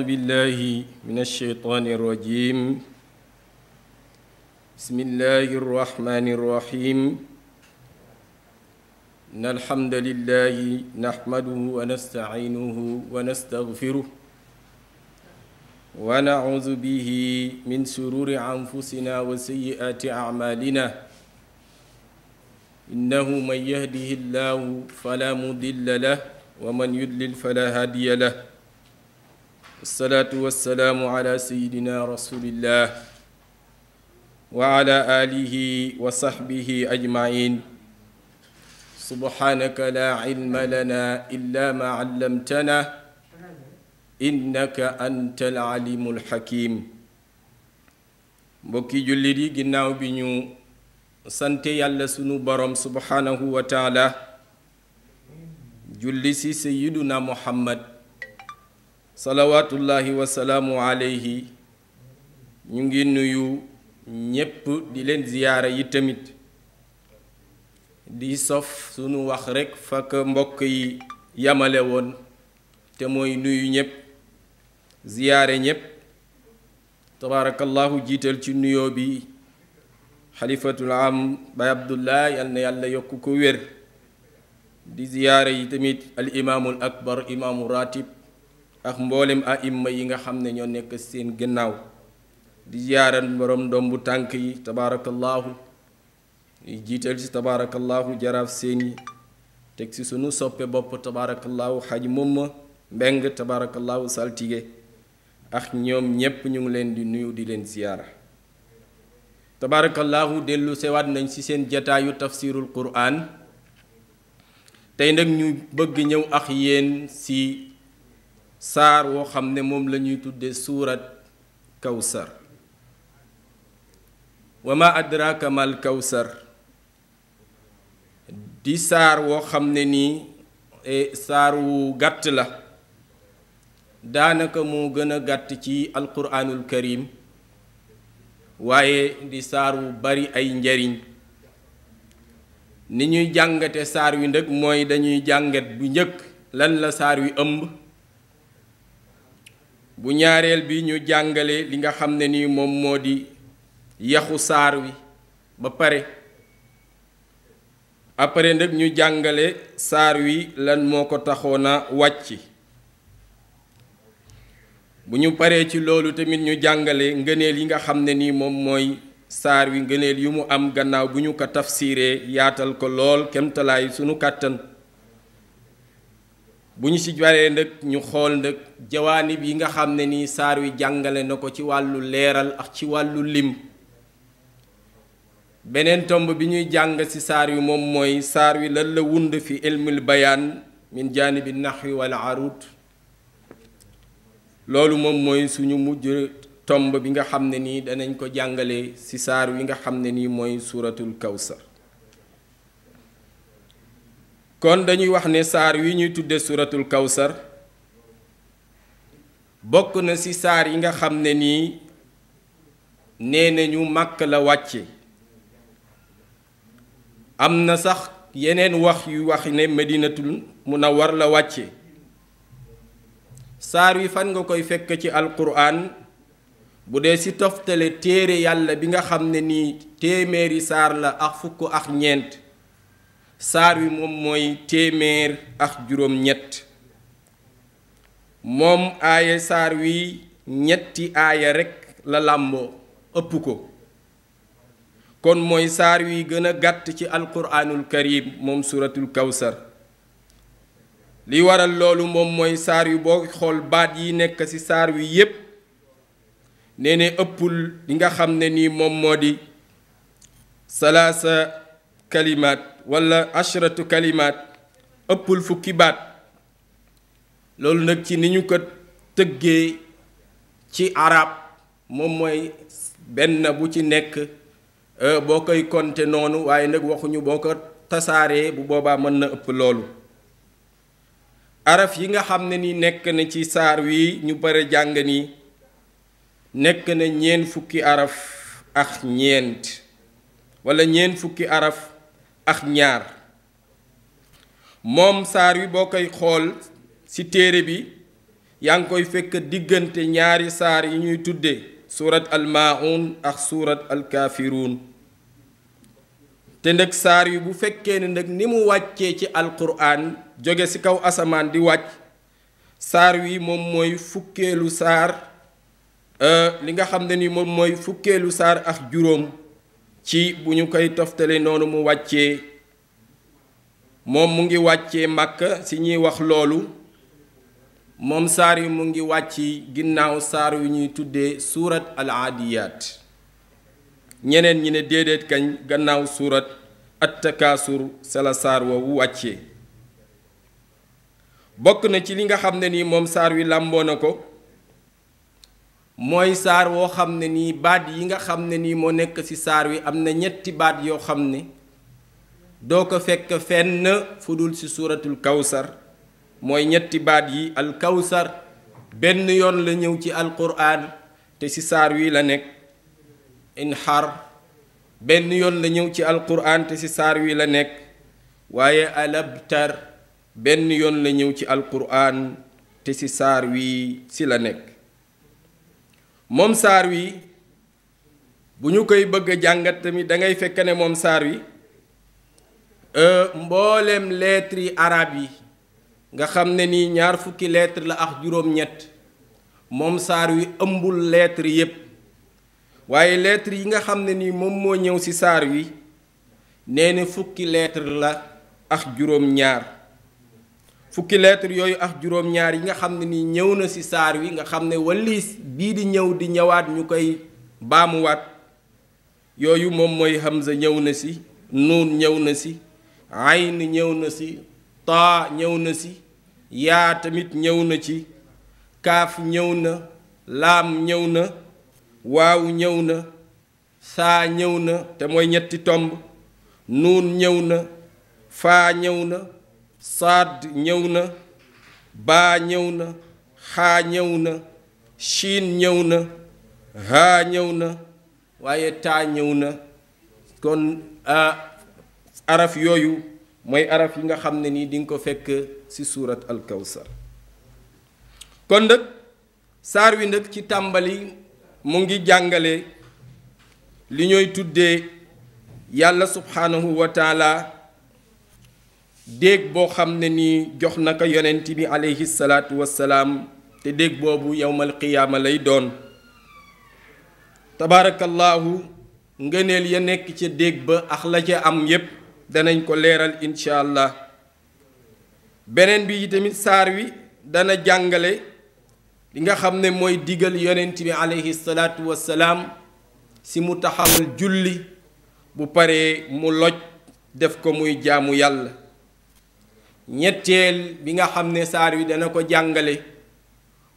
أعوذ بالله من الشيطان الرجيم بسم الله الرحمن الرحيم إن الحمد لله نحمده ونستعينه ونستغفره ونعوذ به من سرور أنفسنا وسيئات أعمالنا إنه من يهده الله فلا مضل له ومن يضلل فلا هادي له والصلاة والسلام على سيدنا رسول الله وعلى آله وصحبه أجمعين سبحانك لا علم لنا إلا ما علمتنا إنك أنت العليم الحكيم بكي جلدي جناو بنيو سنتي يالا سنو برم سبحانه وتعالى جلسي سيدنا محمد salawaatullahi wasalaamu alayhi ñu ngi nuyu ñépp di leen ziyaara yi tamit di sof sunu wax rekk fakk mbokk yi yamale woon te mooy nuyu ñépp ziyaare ñépp tabaarakallahu jiital ci nuyoo bi xalifatul am bay abdullah yal na yàlla yokk ko wér di ziyaare yi tamit al imaamul akbar imaamu ratib ak a aima yi nga xamne ñoo nekk seen gannaaw di yaaran borom dombu tank yi tabarakallah ñuy jital ci tabarakallah jaraf seen yi tek ci sunu soppe bop tabarakallah haji mumma mbeng tabarakallah saltige ak ñom ñepp ñu ngi leen di nuyu di leen ziyaara tabaarakallaahu dellu sewaat nañ ci seen jataayu tafsirul Quran. tay nak ñu bëgg ñew ak yeen ci saar woo xam ne moom lañuy ñuy tudde suurat kawsar wama ma adraka mal kawsar di saar woo xam ne nii e, saar wu gàtt la daanaka moo gën a gàtt ci alquraanul karim waaye di saar wu bari ay njariñ ni ñuy jàngate saar wi ndëkk mooy dañuy jàngat bu njëkk lan la saar wi ëmb bu ñaareel bi ñu jàngale li nga xam ne ni moom moo di yaxu saar wi ba pare après nag ñu jàngale saar wi lan moo ko taxoona wàcc bu ñu paree ci loolu tamit ñu jàngale ngëneel yi nga xam ne ni moom mooy saar wi ngëneel yi mu am gannaaw bu ñu ko siire yaatal ko lool kemtalaay sunu kàttan bu ñu ci baree nag ñu xool nag jawaanib yi nga xam ne nii saar wi jàngale na ko ci wàllu leeral ak ci wàllu lim beneen tomb bi ñuy jàng ci saar wi moom mooy saar wi lan la wund fi ilmul bayaan bi nax wi wal arut loolu moom mooy suñu mujj tomb bi nga xam ne nii danañ ko jàngale ci saar wi nga xam ne nii mooy suuratul kawsar kon dañuy wax ne saar yi ñuy tudde suratul kawsar bokk na ci saar yi nga xam ne nii nee ñu màkk la wàcce am na sax yeneen wax yu wax ne medinatul munawwar la wàcce saar wi fan nga koy fekk ci alquran bu dee ci toftale téere yàlla bi nga xam ne nii téeméeri saar la ak fukk ak ñeent saar wi moom mooy téeméer ak juróom-ñett moom aaya saar wi ñetti aaya rekk la làmboo ëpp ko kon mooy saar wi gën a gàtt ci alquraanul karim moom suratul kawsar li waral loolu moom mooy saar wi boo xool baat yi nekk ci saar wi yépp nee ne ëppul li xam ne nii moom moo di salaasa kalimaat wala ashratu kalimaat ëppul fukki baat loolu nag ci ni ñu ko tëggee ci arab moom mooy benn bu ci nekk euh, boo koy compter noonu waaye nag waxuñu boo ko tasaaree bu boobaa mën na ëpp loolu araf yi nga xam ne ni nekk na ci saar wi ñu bare jàng ni nekk na ñeent fukki araf ak ñeent wala ñeent fukki araf ak ñaar moom saar wi boo koy xool ci téere bi yaa ngi koy fekk diggante ñaari saar yi ñuy tudde suurat almaaun ak suurat alkaafiruun te ndëg saar wi bu fekkee ne ndëg ni mu wàccee ci alquraan joge ci kaw asamaan di wàcc saar wi moom mooy fukkeelu saar euh, li nga xam ne ni moom mooy fukkeelu saar ak juróom ci bu ñu koy toftalee noonu mu wàccee moom mu ngi wàccee màkk si ñuy wax loolu moom saar yu mu ngi wàcc ginnaaw saar yu ñuy tuddee suurat al aadiyaat ñeneen ñi ne déedéet kañ gannaaw suurat at takaasur sala saar woowu wàccee bokk na ci li nga xam ne nii moom saar wi làmboo na ko mooy saar woo xam ne nii baat yi nga xam ne nii moo nekk ci saar wi am na ñetti baat yoo xam ne doo ko fekk fenn fu dul ci suuratul kawsar mooy ñetti baat yi al alkawsar benn yoon la ñëw ci alquraan te ci saar wi la nekk inxar benn yoon la ñëw ci alquraan te ci saar wii la nekk waaye alabtar benn yoon la ñëw ci alquraan te ci saar wi ci la nekk moom saar wi bu ñu koy bëgg a jàngat tamit da ngay fekk ne moom saar wi euh, mbooleem lettres yi arab yi nga xam ne nii ñaar fukki lettre la ak juróom-ñett moom saar wi ëmbul lettre yépp waaye lettre yi nga xam ne nii moom moo ñëw ci saar wi nee na fukki lettre la ak juróom-ñaar fukki lettre yooyu ak juróom-ñaar yi nga xam ne ni ñëw na ci saar wi nga xam ne waliis bii di ñëw di ñëwaat ñu koy baamuwaat yooyu moom mooy Hamza ñëw na ci nuun ñëw na ci ayn ñëw na ci taa ñëw na ci yaa tamit ñëw na ci kaaf ñëw na laam ñëw na waaw ñëw na saa ñëw na te mooy ñetti tomb nuun ñëw na faa ñëw na saad ñëw na baa ñëw na xaa ñëw na shiin ñëw na haa ñëw na waaye taa ñëw na kon araf yooyu mooy araf yi nga xam ne nii dinga ko fekk ci suurat alkawsar kon nag saar wi nag ci tàmbali mu ngi jàngale li ñooy tuddee yàlla subhaanahu wa taala déeg boo xam ne ni jox na ko yonent bi aleyhi salaatu wassalaam te déeg boobu yowmal qiyaama lay doon tabaarakallaahu ngëneel ya nekk ca déeg ba ax la ca am yépp danañ ko leeral incha beneen bi tamit saar wi dana jàngale li nga xam ne mooy digal yonent bi aleyhi salaatu wassalaam si mu taxawal julli bu paree mu loj def ko muy jaamu yàlla ñetteel bi nga xam ne saar wi dana ko jàngale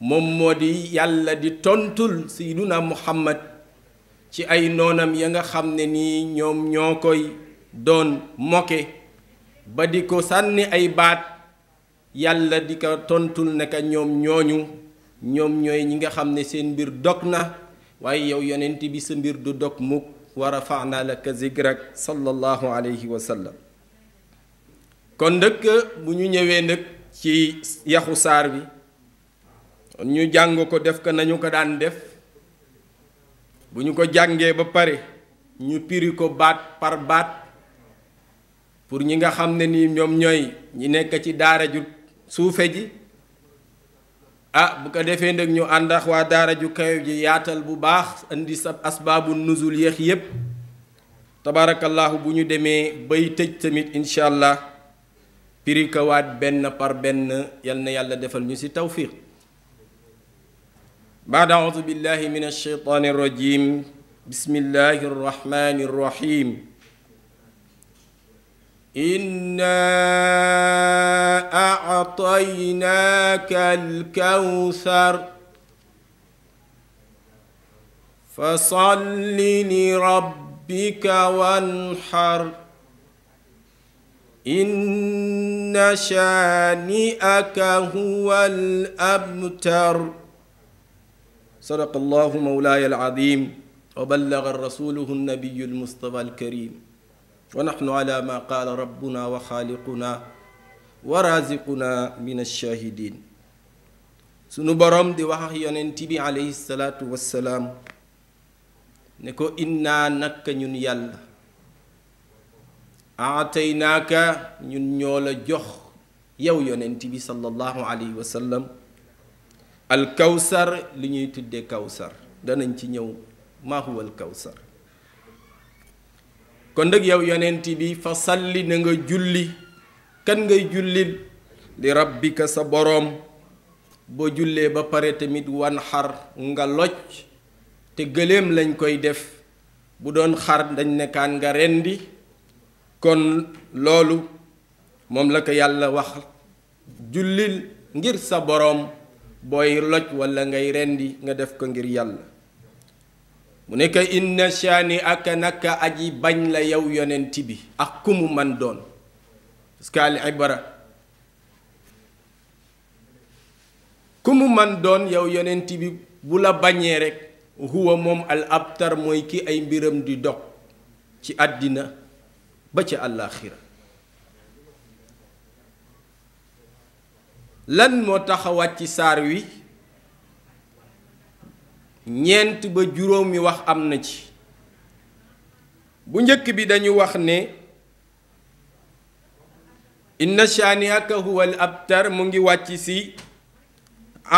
moom moo di yàlla di tontul sayyiduna muhammad ci ay noonam ya nga xam ne nii ñoom ñoo koy doon moke ba di ko sànni ay baat yàlla di ko tontul naka ñoom ñooñu ñoom ñooy ñi nga xam ne seen mbir dog na waaye yow yonent bi sa mbir du dog mukk wa rafaana laka zikrak sallallahu alayhi wa sallam kon ndëkk bu ñu ñëwee nag ci yaxu saar bi ñu jàng ko def ko nañu ko daan def bu ñu ko jàngee ba pare ñu piri ko baat par baat pour ñi nga xam ne nii ñoom ñooy ñi nekk ci daara ju suufe ji a ah, bu ko defee nag ñu ànd waa daara ju kawe ji yaatal bu baax indi sa asbaabu nuzul yéex yépp tabaarakallaahu bu ñu demee bay tëj tamit incha allah firikawaat benn par benn yal na yàlla defal ñu ci tawfiq baad audu billahi min alsheytaani arrajim bismillahi arrahmani arrahim إنا أعطيناك الكوثر فصل لربك وانحر إن شانئك هو الأبتر صدق الله مولاي العظيم وبلغ الرسوله النبي المصطفى الكريم ونحن على ما قال ربنا وخالقنا ورازقنا من الشاهدين sunu borom di wax ak yonent bi alayhi salaatu wassalaam ne ko aataynaaka ñun ñoo la jox yow yonent bi sallallahu alayhi wa sallam al kawsar li ñuy tuddee kawsar danañ ci ñëw maa huwa al kawsar kon nag yow yonent bi fa salli na nga julli kan ngay jullil li rabbika sa boroom boo jullee ba pare tamit wan xar nga loj te gëléem lañ koy def bu doon xar dañ nekkaan nga rendi kon loolu moom la ko yàlla wax jullil ngir sa borom booy loj wala ngay rendi nga def ko ngir yàlla mu ne ko inna shaani aka naka aji bañ la yow yonent bi ak ku mu man doon parce que al ibara ku man doon yow yonent bi bu la rek huwa moom al abtar mooy ki ay mbiram di dog ci àddina ba ci àllaaxira lan moo taxawaat ci saar wi ñeent ba juróomi wax am na ci bu njëkk bi dañu wax ne inna shaaniaka huwa al abtar mu ngi wàcc ci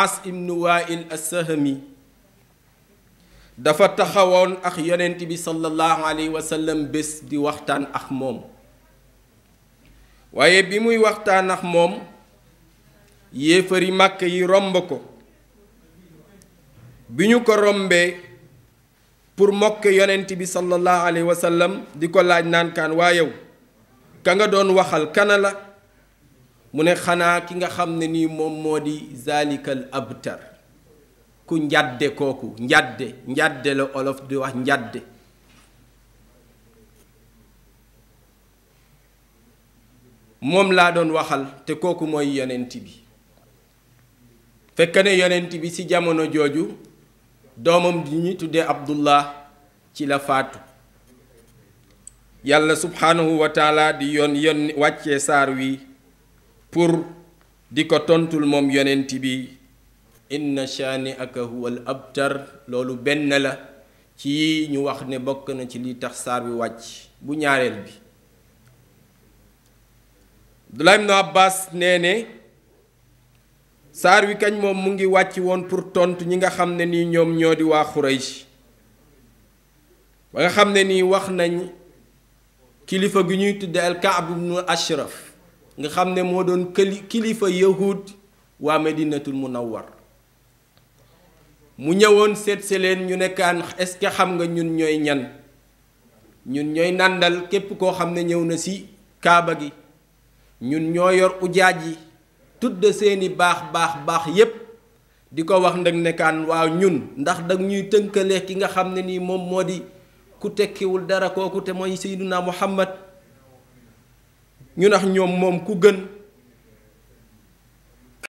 as ibnu wail assahami dafa taxawoon ak yonent bi sallallahu alayhi wa sallam bés di waxtaan ak moom waaye bi muy waxtaan ak moom yéefari màkk yi romb ko bi ñu ko rombee pour mokk yonent bi sallallahu alayhi wa sallam di ko laaj naan kaan waa yow ka nga doon waxal kana la mu ne xanaa ki nga xam ne nii moom moo di zalikal abtar ku njàdde kooku njàdde njàdde la olof di wax njàdde moom laa doon waxal te kooku mooy yonent bi fekk ne yonent bi ci jamono jooju doomam di ñu tuddee abdullah ci la faatu yàlla subhaanahu wa taala di yoon yoon wàccee saar wi pour di ko tontul moom yonent bi inna shaani aka huwal abtar loolu benn la ci ñu wax ne bokk na ci li tax saar bi wàcc bu ñaareel bi Abdullah ibn Abbas nee ne saar wi kañ moom mu ngi wàcc woon pour tontu ñi nga xam ne nii ñoom ñoo di waa Xuraysh ba nga xam ne nii wax nañ kilifa gi ñuy tudde al Kaab ibnu Ashraf nga xam ne moo doon kilifa yahud waa Medinatul Munawwar mu ñëwoon seet si leen ñu nekkaan est-ce que xam nga ñun ñooy ñan ñun ñooy nàndal képp koo xam ne ñëw na si kaaba gi ñun ñoo yor ujaaj yi tudd seeni baax baax baax yépp di ko wax ndag nekkaan waaw ñun ndax dag ñuy tënkale ki nga xam ne nii moom moo di ku tekkiwul dara kooku te mooy Seydina Muhammad ñu nax ñoom moom ku gën